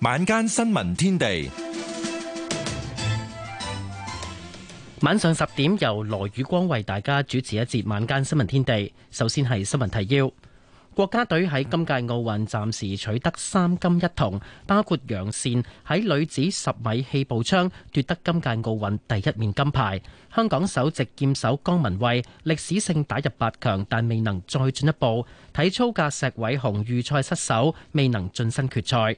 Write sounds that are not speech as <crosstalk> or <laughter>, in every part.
晚間新聞天地，晚上十點由羅宇光為大家主持一節晚間新聞天地。首先係新聞提要：國家隊喺今屆奧運暫時取得三金一銅，包括楊倩喺女子十米氣步槍奪得今屆奧運第一面金牌。香港首席劍手江旻憓歷史性打入八強，但未能再進一步。體操嘅石偉雄預賽失手，未能晉身決賽。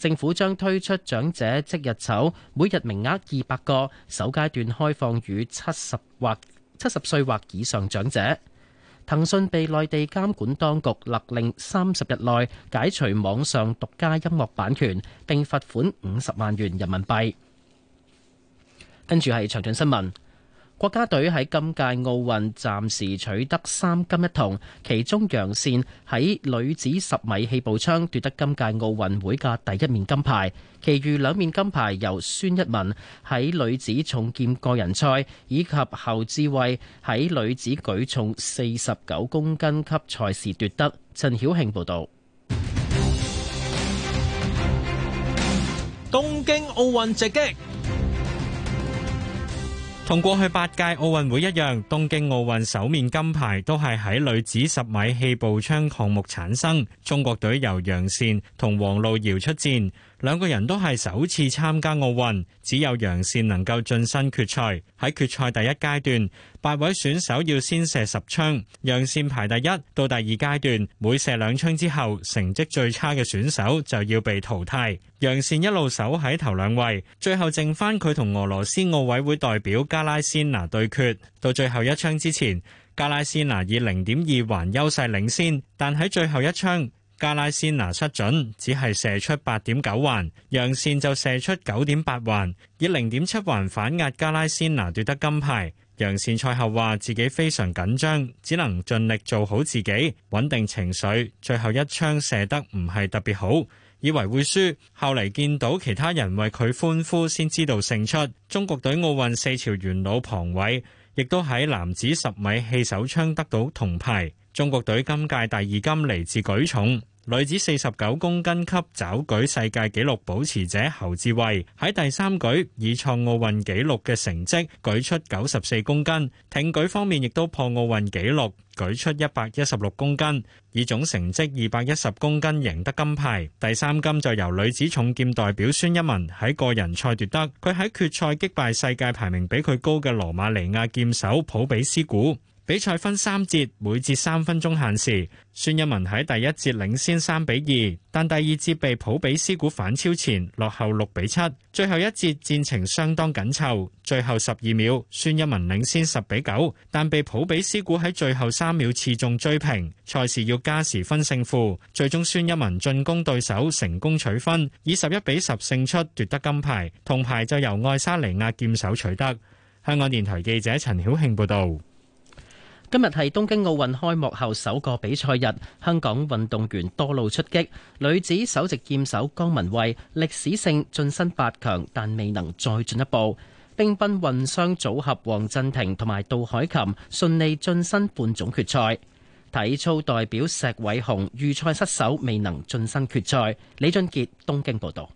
政府將推出長者即日籌，每日名額二百個，首階段開放予七十或七十歲或以上長者。騰訊被內地監管當局勒令三十日內解除網上獨家音樂版權，並罰款五十萬元人民幣。跟住係長進新聞。國家隊喺今屆奧運暫時取得三金一銅，其中楊倩喺女子十米氣步槍奪得今屆奧運會嘅第一面金牌，其餘兩面金牌由孫一文喺女子重劍個人賽以及侯志慧喺女子舉重四十九公斤級賽事奪得。陳曉慶報道。東京奧運直擊。同過去八屆奧運會一樣，東京奧運首面金牌都係喺女子十米氣步槍項目產生。中國隊由楊倩同王璐瑤出戰。兩個人都係首次參加奧運，只有楊倩能夠晉身決賽。喺決賽第一階段，八位選手要先射十槍，楊倩排第一。到第二階段，每射兩槍之後，成績最差嘅選手就要被淘汰。楊倩一路守喺頭兩位，最後剩返佢同俄羅斯奧委會代表加拉仙拿對決。到最後一槍之前，加拉仙拿以零點二環優勢領先，但喺最後一槍。加拉先拿失準，只係射出八點九環，楊倩就射出九點八環，以零點七環反壓加拉先拿奪得金牌。楊倩賽後話自己非常緊張，只能盡力做好自己，穩定情緒。最後一槍射得唔係特別好，以為會輸，後嚟見到其他人為佢歡呼，先知道勝出。中國隊奧運四朝元老龐偉亦都喺男子十米氣手槍得到銅牌。中國隊今屆第二金嚟自舉重。女子四十九公斤級抓舉世界紀錄保持者侯志慧喺第三舉以創奧運紀錄嘅成績舉出九十四公斤，挺舉方面亦都破奧運紀錄，舉出一百一十六公斤，以總成績二百一十公斤贏得金牌。第三金就由女子重劍代表孫一文喺個人賽奪得，佢喺決賽擊敗世界排名比佢高嘅羅馬尼亞劍手普比斯古。比賽分三節，每節三分鐘限時。孫一文喺第一節領先三比二，但第二節被普比斯古反超前，落後六比七。最後一節戰情相當緊湊，最後十二秒孫一文領先十比九，但被普比斯古喺最後三秒刺中追平。賽事要加時分勝負，最終孫一文進攻對手成功取分，以十一比十勝出，奪得金牌。銅牌就由愛沙尼亞劍手取得。香港電台記者陳曉慶報導。今日係東京奧運開幕後首個比賽日，香港運動員多路出擊。女子首席劍手江文慧歷史性晉身八強，但未能再進一步。乒乓混雙組合黃振廷同埋杜凱琴順利晉身半總決賽。體操代表石偉雄預賽失手，未能晉身決賽。李俊傑東京報道。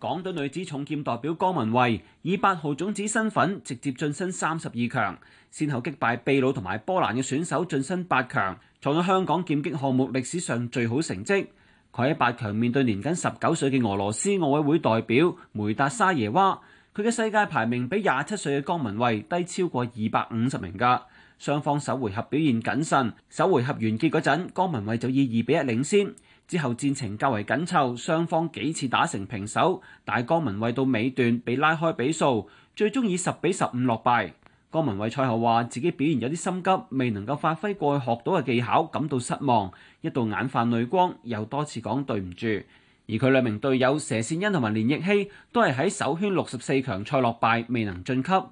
港隊女子重劍代表江文蔚以八號種子身份直接晉身三十二強，先後擊敗秘魯同埋波蘭嘅選手晉身八強，創咗香港劍擊項目歷史上最好成績。佢喺八強面對年僅十九歲嘅俄羅斯奧委會代表梅達沙耶娃，佢嘅世界排名比廿七歲嘅江文蔚低超過二百五十名噶。雙方首回合表現謹慎，首回合完結嗰陣，江文蔚就以二比一領先。之後戰情較為緊湊，雙方幾次打成平手，但江文蔚到尾段被拉開比數，最終以十比十五落敗。江文蔚賽後話自己表現有啲心急，未能夠發揮過去學到嘅技巧，感到失望，一度眼泛淚光，又多次講對唔住。而佢兩名隊友佘善恩同埋連奕希都係喺首圈六十四強賽落敗，未能晉級。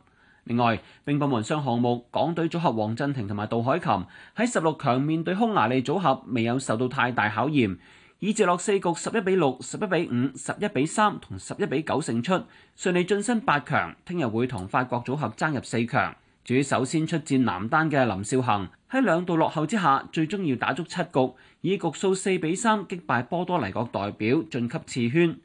另外，乒乓混雙項目，港隊組合黃鎮廷同埋杜凱琹喺十六強面對匈牙利組合，未有受到太大考驗，以直落四局十一比六、十一比五、十一比三同十一比九勝出，順利晉身八強，聽日會同法國組合爭入四強。至於首先出戰男單嘅林兆恆，喺兩度落後之下，最終要打足七局，以局數四比三擊敗波多黎各代表，晉級次圈。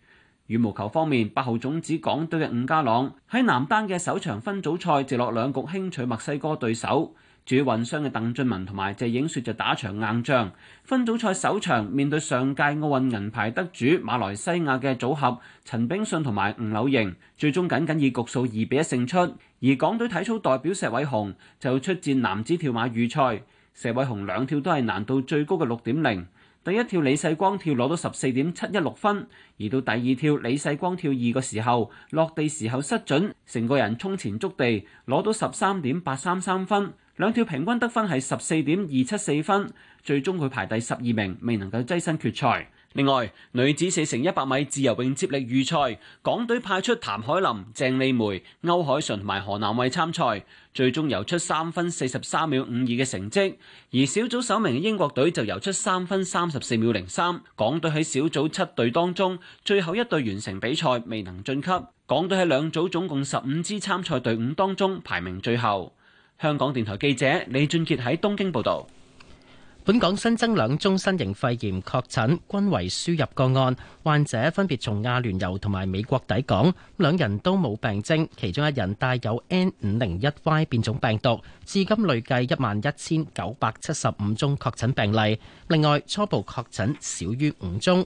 羽毛球方面，八號種子港隊嘅伍家朗喺男單嘅首場分組賽，直落兩局，輕取墨西哥對手。主運商嘅鄧俊文同埋謝影雪就打場硬仗。分組賽首場面對上屆奧運銀牌得主馬來西亞嘅組合陳炳順同埋吳柳瑩，最終僅僅以局數二比一勝出。而港隊體操代表石偉雄就出戰男子跳馬預賽，石偉雄兩跳都係難度最高嘅六點零。第一跳李世光跳攞到十四點七一六分，而到第二跳李世光跳二個時候，落地時候失準，成個人衝前觸地，攞到十三點八三三分，兩跳平均得分係十四點二七四分，最終佢排第十二名，未能夠躋身決賽。另外，女子四乘一百米自由泳接力預賽，港隊派出譚海琳、鄭麗梅、歐海純同埋何南慧參賽，最終游出三分四十三秒五二嘅成績。而小組首名嘅英國隊就游出三分三十四秒零三。港隊喺小組七隊當中，最後一隊完成比賽，未能晉級。港隊喺兩組總共十五支參賽隊伍當中排名最後。香港電台記者李俊杰喺東京報道。本港新增兩宗新型肺炎確診，均為輸入個案，患者分別從阿聯酋同埋美國抵港，兩人都冇病徵，其中一人帶有 N 五零一 Y 變種病毒。至今累計一萬一千九百七十五宗確診病例，另外初步確診少於五宗。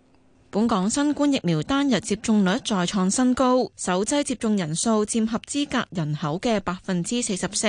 本港新冠疫苗單日接種率再創新高，首劑接種人數佔合資格人口嘅百分之四十四。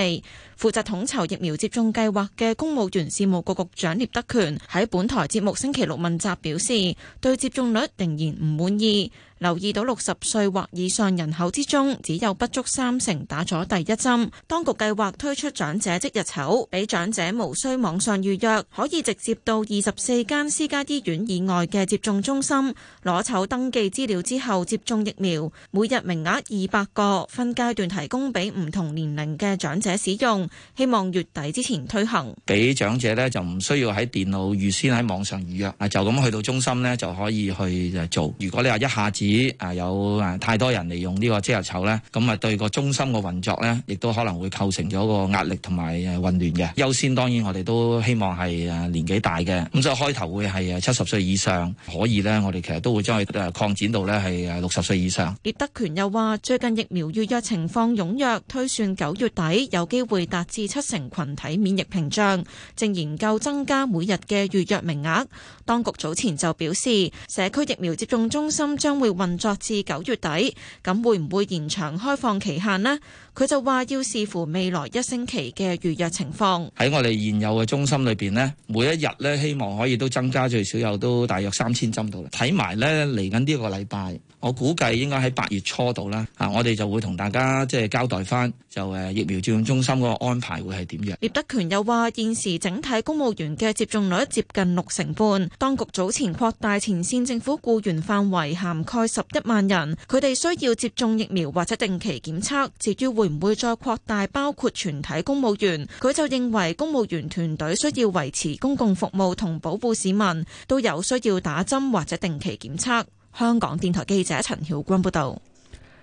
負責統籌疫苗接種計劃嘅公務員事務局局長聶德權喺本台節目星期六問責表示，對接種率仍然唔滿意。留意到六十歲或以上人口之中，只有不足三成打咗第一針，當局計劃推出長者即日籌，俾長者無需網上預約，可以直接到二十四間私家醫院以外嘅接種中心攞籌登記資料之後接種疫苗。每日名額二百個分階段提供俾唔同年齡嘅長者使用。希望月底之前推行。俾長者咧就唔需要喺電腦預先喺網上預約啊，就咁去到中心咧就可以去做。如果你話一下子。以啊有啊太多人利用呢個即日籌咧，咁啊對個中心嘅運作咧，亦都可能會構成咗個壓力同埋誒混亂嘅。優先當然我哋都希望係誒年紀大嘅，咁所以開頭會係七十歲以上可以咧，我哋其實都會將佢擴展到咧係六十歲以上。聶德權又話：最近疫苗預約情況踴躍，推算九月底有機會達至七成羣體免疫屏障，正研究增加每日嘅預約名額。當局早前就表示，社區疫苗接種中心將會，運作至九月底，咁會唔會延長開放期限呢？佢就話要視乎未來一星期嘅預約情況。喺我哋現有嘅中心裏邊呢，每一日呢，希望可以都增加最少有都大約三千針到啦。睇埋呢嚟緊呢個禮拜。我估計應該喺八月初度啦，我哋就會同大家即係交代翻，就疫苗接種中心嗰個安排會係點樣。聶德權又話：現時整體公務員嘅接種率接近六成半，當局早前擴大前線政府僱員範圍，涵蓋十一萬人，佢哋需要接種疫苗或者定期檢測。至於會唔會再擴大包括全體公務員，佢就認為公務員團隊需要維持公共服務同保護市民都有需要打針或者定期檢測。香港電台記者陳曉君報道，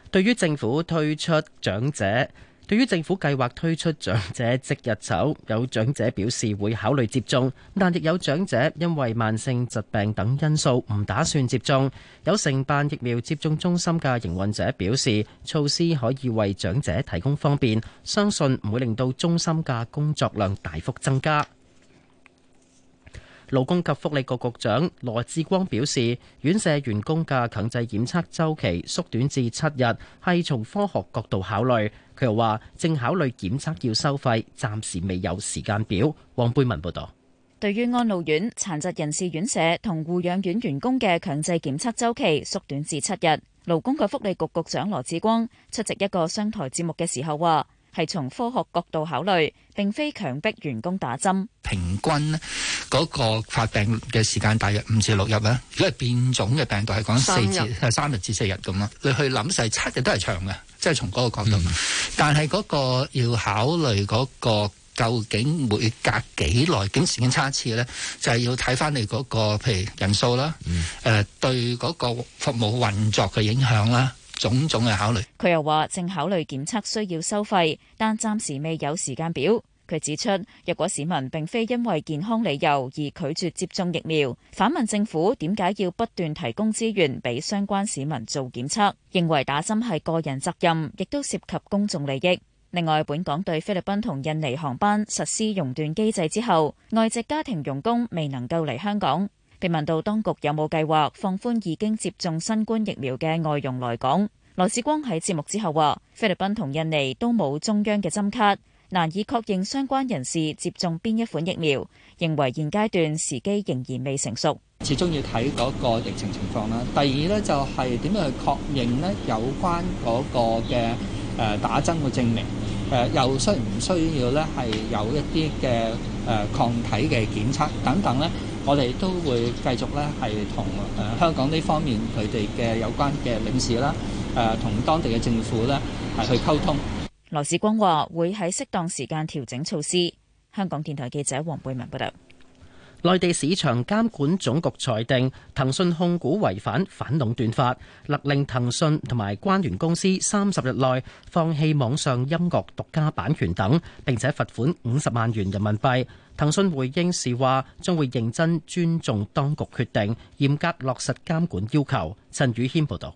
對於政府推出長者，對於政府計劃推出長者即日籌，有長者表示會考慮接種，但亦有長者因為慢性疾病等因素唔打算接種。有承辦疫苗接種中心嘅營運者表示，措施可以為長者提供方便，相信唔會令到中心嘅工作量大幅增加。勞工及福利局局，局長羅志光表示，院舍員工嘅強制檢測周期縮短至七日，係從科學角度考慮。佢又話，正考慮檢測要收費，暫時未有時間表。黃貝文報道。對於安老院、殘疾人士院舍同護養院員工嘅強制檢測周期縮短至七日，勞工及福利局局長羅志光出席一個商台節目嘅時候話。係從科學角度考慮，並非強迫員工打針。平均嗰個發病嘅時間大約五至六日啦。如果變種嘅病毒係講四至係三日，三日至四日咁啦，你去諗細七日都係長嘅，即係從嗰個角度。嗯、但係嗰個要考慮嗰個究竟每隔幾耐、幾時間差一次咧，就係要睇翻，你嗰個，譬如人數啦，誒、嗯、呃，對嗰個服務運作嘅影響啦。種種嘅考慮，佢又話正考慮檢測需要收費，但暫時未有時間表。佢指出，若果市民並非因為健康理由而拒絕接種疫苗，反問政府點解要不斷提供資源畀相關市民做檢測，認為打針係個人責任，亦都涉及公眾利益。另外，本港對菲律賓同印尼航班實施熔斷機制之後，外籍家庭傭工未能夠嚟香港。被問到當局有冇計劃放寬已經接種新冠疫苗嘅外傭來港，羅志光喺節目之後話：菲律賓同印尼都冇中央嘅針卡，難以確認相關人士接種邊一款疫苗，認為現階段時機仍然未成熟。始終要睇嗰個疫情情況啦。第二呢，就係點樣去確認呢有關嗰個嘅誒打針嘅證明，誒又需唔需要呢，係有一啲嘅誒抗體嘅檢測等等呢。我哋都會繼續咧，係同誒香港呢方面佢哋嘅有關嘅領事啦，誒同當地嘅政府咧係去溝通。羅致光話：會喺適當時間調整措施。香港電台記者黃貝文報道。內地市場監管總局裁定騰訊控股違反反壟斷法，勒令騰訊同埋關聯公司三十日內放棄網上音樂獨家版權等，並且罰款五十萬元人民幣。騰訊回應是話將會認真尊重當局決定，嚴格落實監管要求。陳宇軒報道。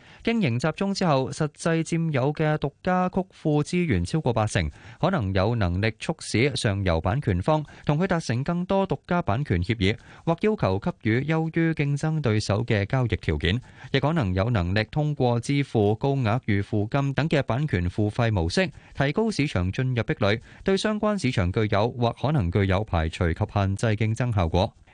經營集中之後，實際占有的獨家曲庫資源超過八成，可能有能力促使上游版權方，同佢達成更多獨家版權協議，或要求給予優於競爭對手的交易條件，亦可能有能力通過支付高額預付金等的版權付費模式，提高市場進入壁壘，對相關市場具有或可能具有排除及限制競爭效果。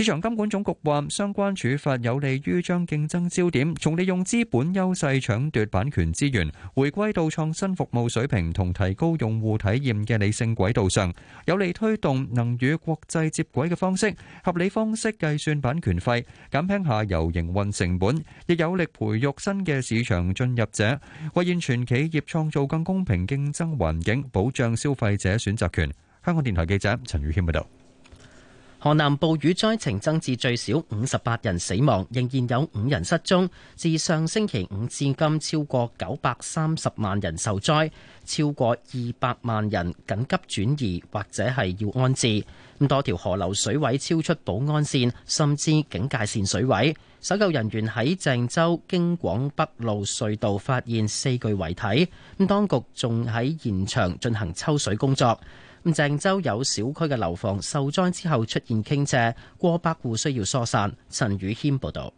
市場監管總局話，相關處罰有利於將競爭焦點從利用資本優勢搶奪版權資源，回歸到創新服務水平同提高用戶體驗嘅理性軌道上，有利推動能與國際接軌嘅方式、合理方式計算版權費，減輕下游營運成本，亦有力培育新嘅市場進入者，為現存企業創造更公平競爭環境，保障消費者選擇權。香港電台記者陳宇謙報道。河南暴雨災情增至最少五十八人死亡，仍然有五人失蹤。自上星期五至今，超過九百三十萬人受災，超過二百萬人緊急轉移或者係要安置。咁多條河流水位超出保安線，甚至警戒線水位。搜救人員喺鄭州京廣北路隧道發現四具遺體，咁當局仲喺現場進行抽水工作。鄭州有小區嘅樓房受災之後出現傾斜，過百戶需要疏散。陳宇謙報道，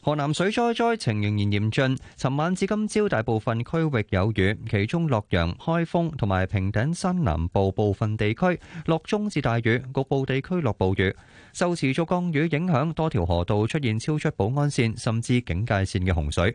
河南水災災情仍然嚴峻。尋晚至今朝，大部分區域有雨，其中洛陽開封同埋平頂山南部部分地區落中至大雨，局部地區落暴雨。受持續降雨影響，多條河道出現超出保安線甚至警戒線嘅洪水。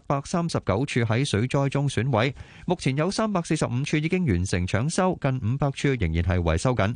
百三十九處喺水災中損毀，目前有三百四十五處已經完成搶修，近五百處仍然係維修緊。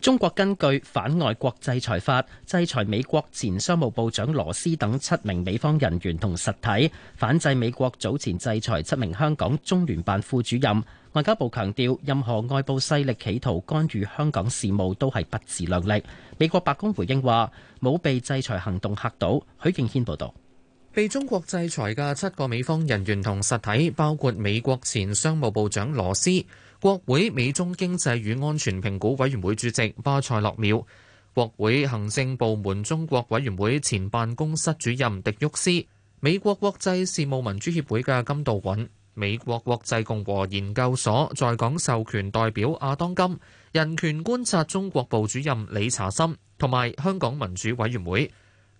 中國根據反外國制裁法，制裁美國前商務部長羅斯等七名美方人員同實體，反制美國早前制裁七名香港中聯辦副主任。外交部強調，任何外部勢力企圖干預香港事務都係不自量力。美國白宮回應話，冇被制裁行動嚇到。許敬軒報道，被中國制裁嘅七個美方人員同實體，包括美國前商務部長羅斯。國會美中經濟與安全評估委員會主席巴塞洛繆，國會行政部門中國委員會前辦公室主任狄沃斯，美國國際事務民主協會嘅金道允，美國國際共和研究所在港授權代表阿當金，人權觀察中國部主任李查森，同埋香港民主委員會，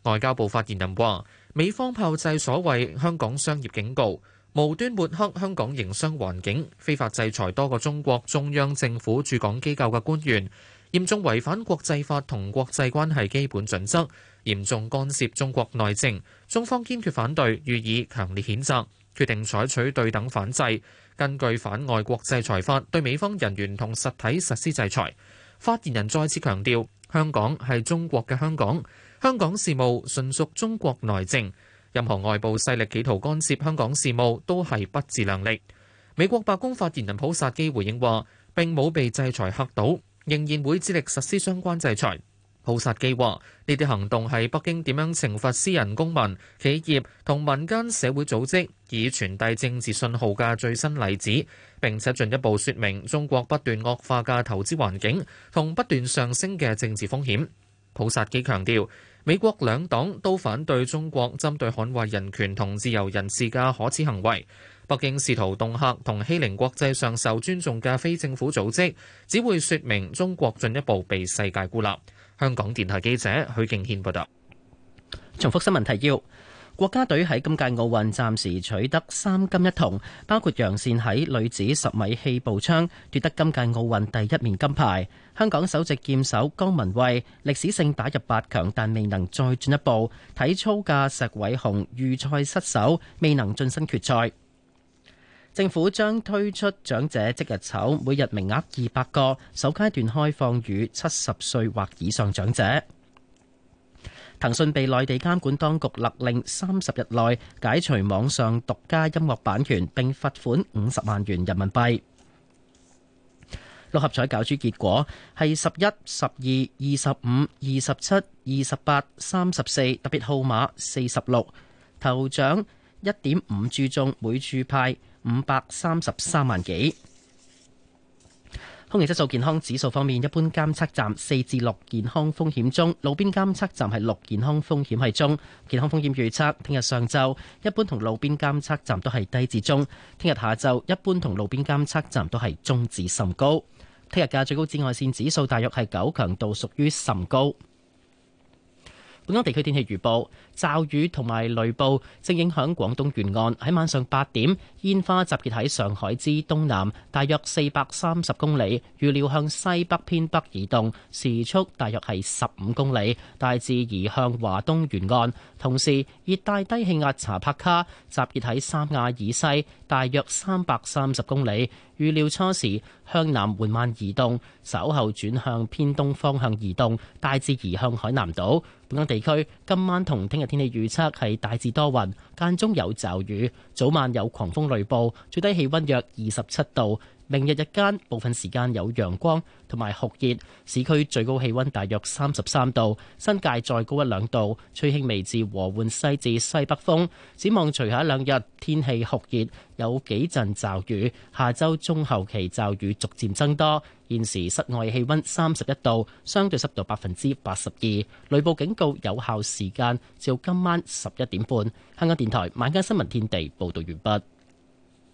外交部發言人話：美方炮製所謂香港商業警告。無端抹黑香港營商環境，非法制裁多個中國中央政府駐港機構嘅官員，嚴重違反國際法同國際關係基本準則，嚴重干涉中國內政。中方堅決反對，予以強烈譴責，決定採取對等反制。根據反外國制裁法，對美方人員同實體實施制裁。發言人再次強調，香港係中國嘅香港，香港事務純屬中國內政。任何外部勢力企圖干涉香港事務都係不自量力。美國白宮發言人普薩基回應話：並冇被制裁嚇到，仍然會致力實施相關制裁。普薩基話：呢啲行動係北京點樣懲罰私人公民、企業同民間社會組織，以傳遞政治信號嘅最新例子，並且進一步説明中國不斷惡化嘅投資環境同不斷上升嘅政治風險。普薩基強調。美國兩黨都反對中國針對捍衞人權同自由人士嘅可恥行為。北京試圖恫嚇同欺凌國際上受尊重嘅非政府組織，只會説明中國進一步被世界孤立。香港電台記者許敬軒報道。重複新聞提要。國家隊喺今屆奧運暫時取得三金一銅，包括楊善喺女子十米氣步槍奪得今屆奧運第一面金牌。香港首席劍手江文慧歷史性打入八強，但未能再進一步。體操嘅石偉雄預賽失手，未能晉身決賽。政府將推出長者即日籌，每日名額二百個，首階段開放予七十歲或以上長者。騰訊被內地監管當局勒令三十日內解除網上獨家音樂版權，並罰款五十萬元人民幣。六合彩攪珠結果係十一、十二、二十五、二十七、二十八、三十四，特別號碼四十六。頭獎一點五注中，每注派五百三十三萬幾。空氣質素健康指數方面，一般監測站四至六健康風險中，路邊監測站係六健康風險係中。健康風險預測，聽日上晝一般同路邊監測站都係低至中，聽日下晝一般同路邊監測站都係中至甚高。聽日嘅最高紫外線指數大約係九，強度屬於甚高。本港地區天氣預報。驟雨同埋雷暴正影響廣東沿岸，喺晚上八點，煙花集結喺上海之東南，大約四百三十公里，預料向西北偏北移動，時速大約係十五公里，大致移向華東沿岸。同時熱帶低氣壓查帕卡集結喺三亞以西，大約三百三十公里，預料初時向南緩慢移動，稍後轉向偏東方向移動，大致移向海南島。本港地區今晚同聽日。天氣預測係大致多雲，間中有驟雨，早晚有狂風雷暴，最低氣溫約二十七度。明日日間部分時間有陽光同埋酷熱，市區最高氣溫大約三十三度，新界再高一兩度，吹輕微至和緩西至西北風。展望隨後一兩日天氣酷熱，有幾陣驟雨，下週中後期驟雨逐漸增多。現時室外氣溫三十一度，相對濕度百分之八十二，雷暴警告有效時間至今晚十一點半。香港電台晚間新聞天地報道完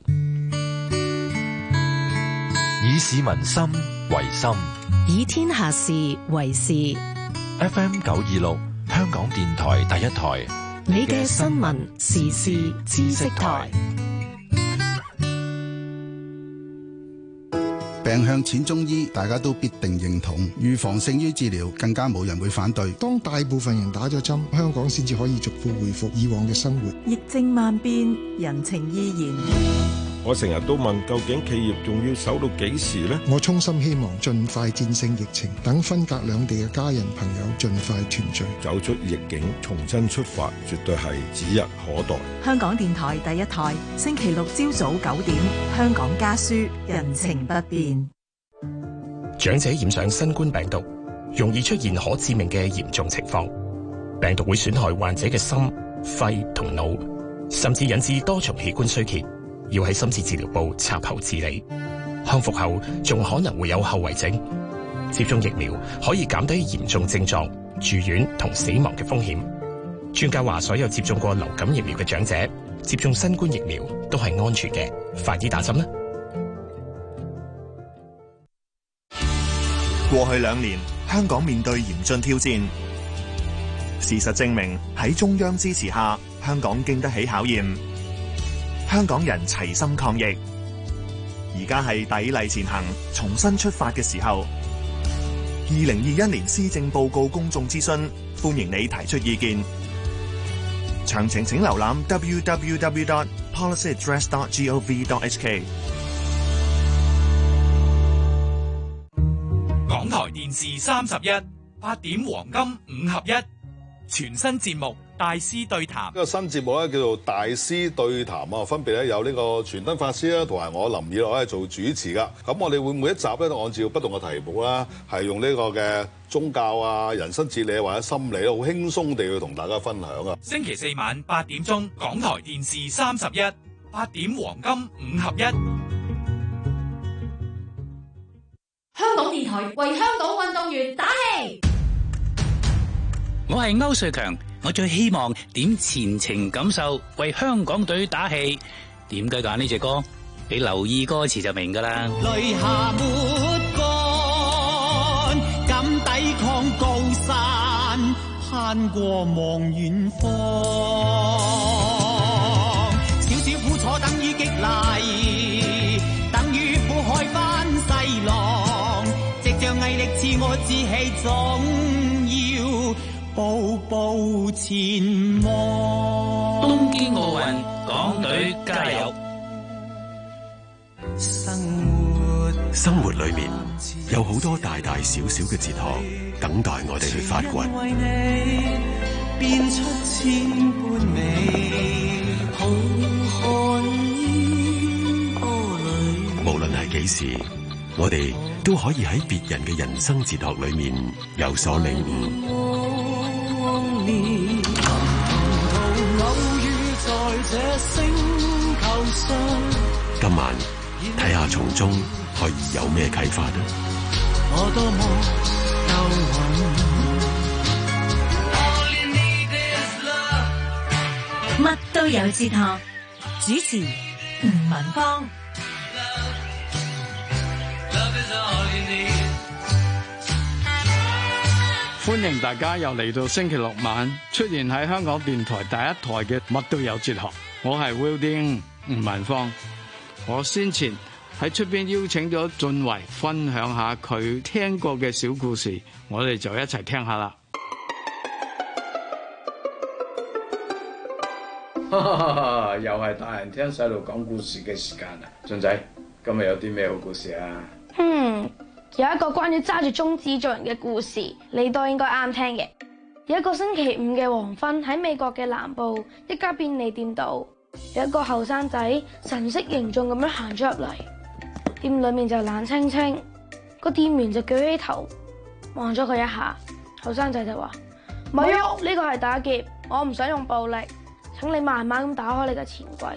畢。以市民心為心，以天下事為事。FM 九二六，香港電台第一台。你嘅新聞、時事、知識台。病向淺中醫，大家都必定認同。預防勝於治療，更加冇人會反對。當大部分人打咗針，香港先至可以逐步恢復以往嘅生活。疫症萬變，人情依然。我成日都問，究竟企業仲要守到幾時呢？我衷心希望盡快戰勝疫情，等分隔兩地嘅家人朋友盡快團聚，走出逆境，重新出發，絕對係指日可待。香港電台第一台，星期六朝早九點，《香港家書》，人情不變。長者染上新冠病毒，容易出現可致命嘅嚴重情況，病毒會損害患者嘅心、肺同腦，甚至引致多重器官衰竭。要喺深切治療部插喉治理，康復後仲可能會有後遺症。接種疫苗可以減低嚴重症狀、住院同死亡嘅風險。專家話，所有接種過流感疫苗嘅長者接種新冠疫苗都係安全嘅。快啲打針啦！過去兩年，香港面對嚴峻挑戰，事實證明喺中央支持下，香港經得起考驗。香港人齊心抗疫，而家係砥礪前行、重新出發嘅時候。二零二一年施政報告公眾諮詢，歡迎你提出意見。詳情請瀏覽 www.policyaddress.gov.hk。港台電視三十一，八點黃金五合一全新節目。大師對談呢個新節目咧叫做大師對談啊，分別咧有呢個全登法師啦，同埋我林以樂咧做主持噶。咁我哋會每一集咧都按照不同嘅題目啦，係用呢個嘅宗教啊、人生哲理或者心理好輕鬆地去同大家分享啊。星期四晚八點鐘，港台電視三十一，八點黃金五合一。香港電台為香港運動員打氣。我係歐瑞強。我最希望點前程感受，為香港隊打氣。點解揀呢隻歌？你留意歌詞就明㗎啦。淚下抹乾，敢抵抗高山，攀過望遠方。小小苦楚等於激勵，等於苦海翻細浪。藉著毅力自我志氣，總要。步步前往東京奧運，港隊加油。生活裏面有好多大大小小嘅哲學，等待我哋去發掘。無論係幾時，我哋都可以喺別人嘅人生哲學裏面有所領悟。今晚睇下從中可以有咩啟發呢？乜都有哲學，主持吳文芳。歡迎大家又嚟到星期六晚出現喺香港電台第一台嘅《乜都有哲學》，我係 Wilding 吳文芳。我先前喺出邊邀請咗俊維分享下佢聽過嘅小故事，我哋就一齊聽一下啦。哈哈， <music> 又係大人聽細路講故事嘅時間啦！俊仔，今日有啲咩好故事啊？嗯。 <music> 有一個關於揸住中指做人嘅故事，你都應該啱聽嘅。有一個星期五嘅黃昏喺美國嘅南部，一家便利店度有一個後生仔神色凝重咁樣行咗入嚟，店裏面就冷清清，個店員就舉起頭望咗佢一下，後生仔就話：咪喐，呢個係打劫，我唔想用暴力，請你慢慢咁打開你嘅錢櫃。